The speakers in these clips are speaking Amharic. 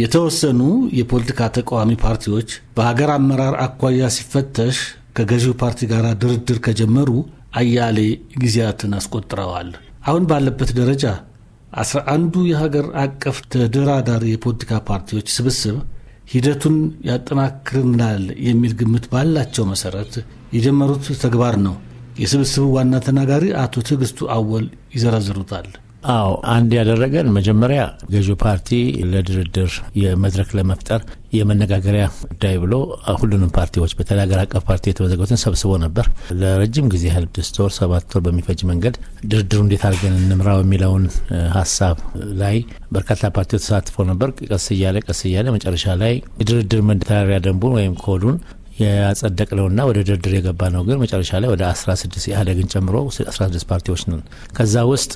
የተወሰኑ የፖለቲካ ተቃዋሚ ፓርቲዎች በሀገር አመራር አኳያ ሲፈተሽ ከገዢው ፓርቲ ጋር ድርድር ከጀመሩ አያሌ ጊዜያትን አስቆጥረዋል። አሁን ባለበት ደረጃ አስራ አንዱ የሀገር አቀፍ ተደራዳሪ የፖለቲካ ፓርቲዎች ስብስብ ሂደቱን ያጠናክርናል የሚል ግምት ባላቸው መሰረት የጀመሩት ተግባር ነው። የስብስቡ ዋና ተናጋሪ አቶ ትዕግስቱ አወል ይዘረዝሩታል። አዎ አንድ ያደረገን መጀመሪያ ገዢው ፓርቲ ለድርድር የመድረክ ለመፍጠር የመነጋገሪያ ጉዳይ ብሎ ሁሉንም ፓርቲዎች በተለይ ሀገር አቀፍ ፓርቲ የተመዘገቡትን ሰብስቦ ነበር። ለረጅም ጊዜ ያህል ስድስት ወር ሰባት ወር በሚፈጅ መንገድ ድርድሩ እንዴት አድርገን እንምራው የሚለውን ሀሳብ ላይ በርካታ ፓርቲዎች ተሳትፎ ነበር። ቀስ እያለ ቀስ እያለ መጨረሻ ላይ የድርድር መተዳደሪያ ደንቡን ወይም ኮዱን ነው እና ወደ ድርድር የገባ ነው። ግን መጨረሻ ላይ ወደ 16 ኢህአዴግን ጨምሮ 16 ፓርቲዎች ነን። ከዛ ውስጥ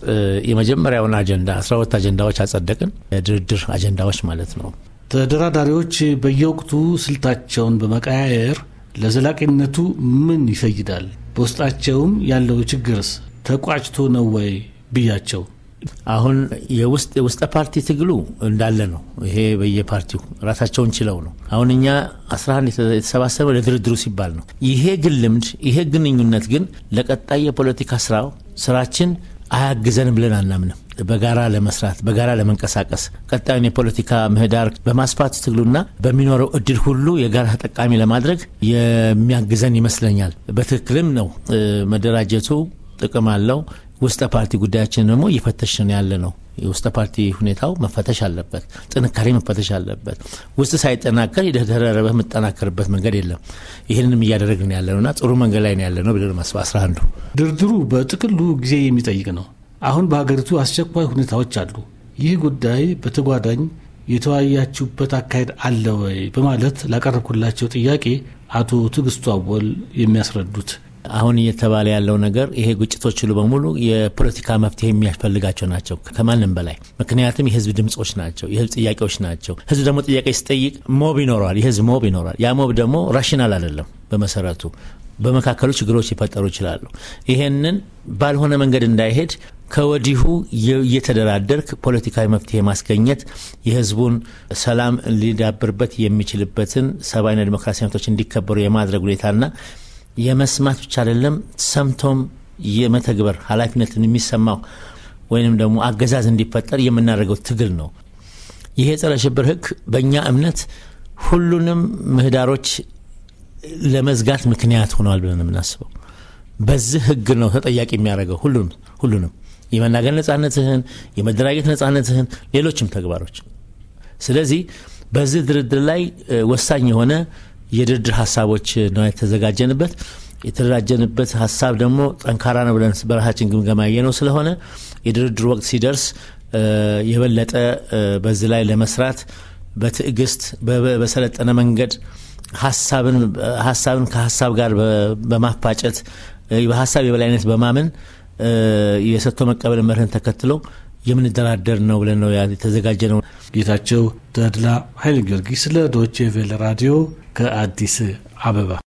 የመጀመሪያውን አጀንዳ 12 አጀንዳዎች አጸደቅን። የድርድር አጀንዳዎች ማለት ነው። ተደራዳሪዎች በየወቅቱ ስልታቸውን በመቀያየር ለዘላቂነቱ ምን ይፈይዳል? በውስጣቸውም ያለው ችግርስ ተቋጭቶ ነው ወይ ብያቸው አሁን የውስጠ ፓርቲ ትግሉ እንዳለ ነው። ይሄ በየፓርቲው ራሳቸውን ችለው ነው። አሁን እኛ 11 የተሰባሰበው ለድርድሩ ሲባል ነው። ይሄ ግን ልምድ ይሄ ግንኙነት ግን ለቀጣይ የፖለቲካ ስራው ስራችን አያግዘን ብለን አናምንም። በጋራ ለመስራት በጋራ ለመንቀሳቀስ ቀጣዩን የፖለቲካ ምህዳር በማስፋት ትግሉና በሚኖረው እድል ሁሉ የጋራ ተጠቃሚ ለማድረግ የሚያግዘን ይመስለኛል። በትክክልም ነው መደራጀቱ ጥቅም አለው። ውስጠ ፓርቲ ጉዳያችን ደግሞ እየፈተሽን ያለ ነው። የውስጠ ፓርቲ ሁኔታው መፈተሽ አለበት፣ ጥንካሬ መፈተሽ አለበት። ውስጥ ሳይጠናከር የደረረበህ የምጠናከርበት መንገድ የለም። ይህንንም እያደረግን ያለ ነውና ጥሩ መንገድ ላይ ያለ ነው ብለን ማስብ አስራ አንዱ ድርድሩ በጥቅሉ ጊዜ የሚጠይቅ ነው። አሁን በሀገሪቱ አስቸኳይ ሁኔታዎች አሉ። ይህ ጉዳይ በተጓዳኝ የተወያያችሁበት አካሄድ አለ ወይ በማለት ላቀረብኩላቸው ጥያቄ አቶ ትዕግስቱ አወል የሚያስረዱት አሁን እየተባለ ያለው ነገር ይሄ ግጭቶች ሁሉ በሙሉ የፖለቲካ መፍትሄ የሚያስፈልጋቸው ናቸው ከማንም በላይ ምክንያቱም የህዝብ ድምጾች ናቸው፣ የህዝብ ጥያቄዎች ናቸው። ህዝብ ደግሞ ጥያቄ ሲጠይቅ ሞብ ይኖረዋል፣ የህዝብ ሞብ ይኖራል። ያ ሞብ ደግሞ ራሽናል አይደለም በመሰረቱ በመካከሉ ችግሮች ሊፈጠሩ ይችላሉ። ይሄንን ባልሆነ መንገድ እንዳይሄድ ከወዲሁ እየተደራደርክ ፖለቲካዊ መፍትሄ ማስገኘት የህዝቡን ሰላም ሊዳብርበት የሚችልበትን ሰብአዊና ዲሞክራሲያዊ መብቶች እንዲከበሩ የማድረግ ሁኔታና የመስማት ብቻ አይደለም ሰምቶም የመተግበር ኃላፊነትን የሚሰማው ወይንም ደግሞ አገዛዝ እንዲፈጠር የምናደርገው ትግል ነው። ይሄ የጸረ ሽብር ህግ በእኛ እምነት ሁሉንም ምህዳሮች ለመዝጋት ምክንያት ሆነዋል ብለን የምናስበው በዚህ ህግ ነው ተጠያቂ የሚያደርገው ሁሉንም ሁሉንም የመናገር ነጻነትህን፣ የመደራጀት ነጻነትህን፣ ሌሎችም ተግባሮች። ስለዚህ በዚህ ድርድር ላይ ወሳኝ የሆነ የድርድር ሀሳቦች ነው የተዘጋጀንበት። የተደራጀንበት ሀሳብ ደግሞ ጠንካራ ነው ብለን በራሳችን ግምገማ ያየነው ስለሆነ የድርድር ወቅት ሲደርስ የበለጠ በዚህ ላይ ለመስራት በትዕግስት በሰለጠነ መንገድ ሀሳብን ከሀሳብ ጋር በማፋጨት በሀሳብ የበላይነት በማመን የሰጥቶ መቀበል መርህን ተከትሎ የምንደራደር ነው ብለን ነው የተዘጋጀ ነው። ጌታቸው ተድላ ኃይለ ጊዮርጊስ ለዶቼ ቬለ ራዲዮ ከአዲስ አበባ